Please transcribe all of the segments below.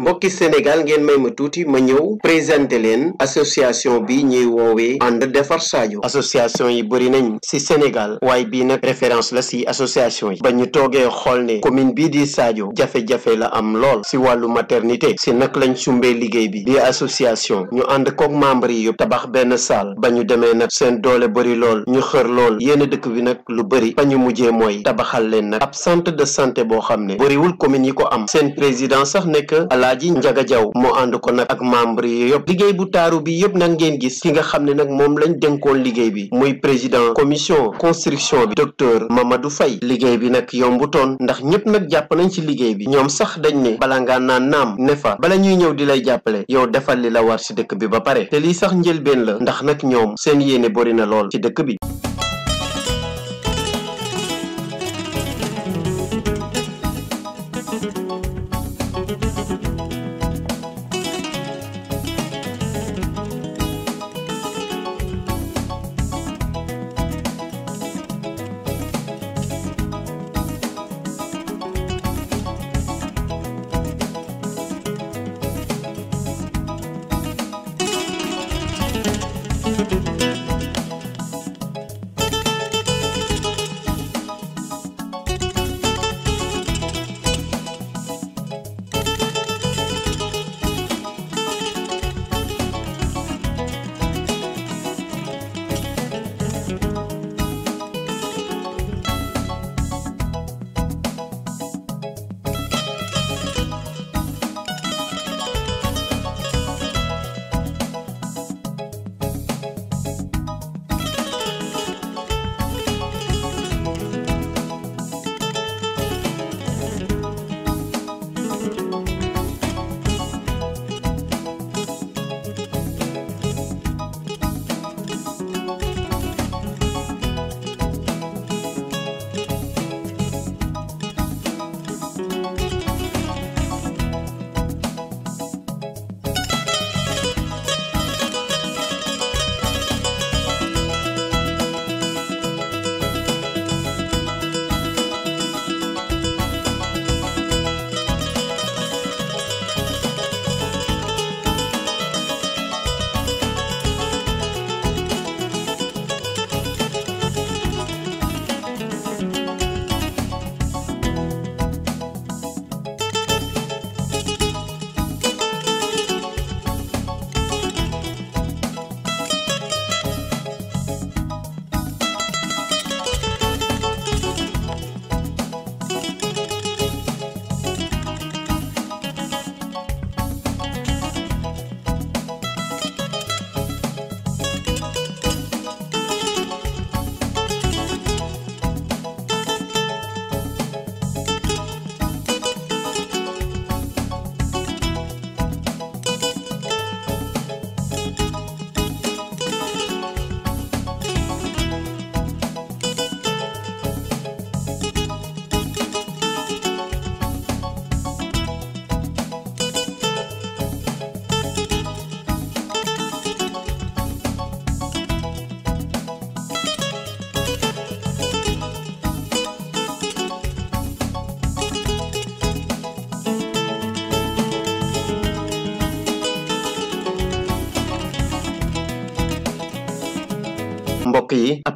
mbokki Sénégal ngeen may ma tuuti ma ñëw présenté leen association bi ñuy woowee ànd defar Sadio association yi bëri nañ ci Sénégal waaye bii nag référence la ci association yi ba ñu toogee xool ne commune bii di Sadio jafe-jafe la am lool ci wàllu maternité ci nag lañ sumbee liggéey bi di association ñu ànd kook membre yi yëpp tabax benn salle ba ñu demee nag seen doole bari lool ñu xër lool yéen dëkk bi nag lu bëri ba ñu mujjee mooy tabaxal leen nag ab de santé boo xam ne bëriwul commune alaaji njaga jaw moo ànd ko nag ak membre yi yëpp liggéey bu taaru bi yëpp nag ngeen gis ki nga xam ne nag moom lañ denkoon liggéey bi muy président commission construction bi docteur Mamadou Faye liggéey bi nag yombu yombutoon ndax ñëpp nag jàpp nañ ci liggéey bi ñoom sax dañ ne bala ngaa naan naam ne fa bala ñuy ñëw di lay jàppale yow defal li la war ci dëkk bi ba pare te lii sax njëlbeen la ndax nag ñoom seen yéene bori na lool ci dëkk bi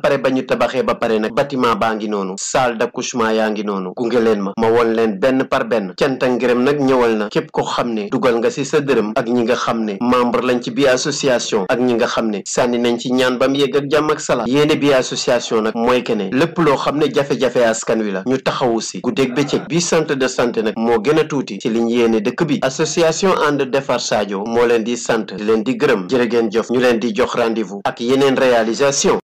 pare ba ñu tabaxee ba pare nag bâtiment baa ngi noonu salle d'accouchement yaa ngi noonu gunge leen ma ma won leen benn par benn canta ngërëm nag ñëwal na képp ko xam ne dugal nga ci sa dërëm ak ñi nga xam ne membre lañ ci bi association ak ñi nga xam ne sànni nañ ci ñaan ba mu yegg ak jàmm ak salaam yéene bi association nag mooy ke ne lépp loo xam ne jafe-jafe askan wi la ñu taxawu si guddeeg bëccëg bi centre de santé nag moo gën a tuuti ci liñ yéene dëkk bi association ànd defar moo leen di sant leen di gërëm jërë ngeen jëf ñu leen di jox rendez ak yeneen réalisation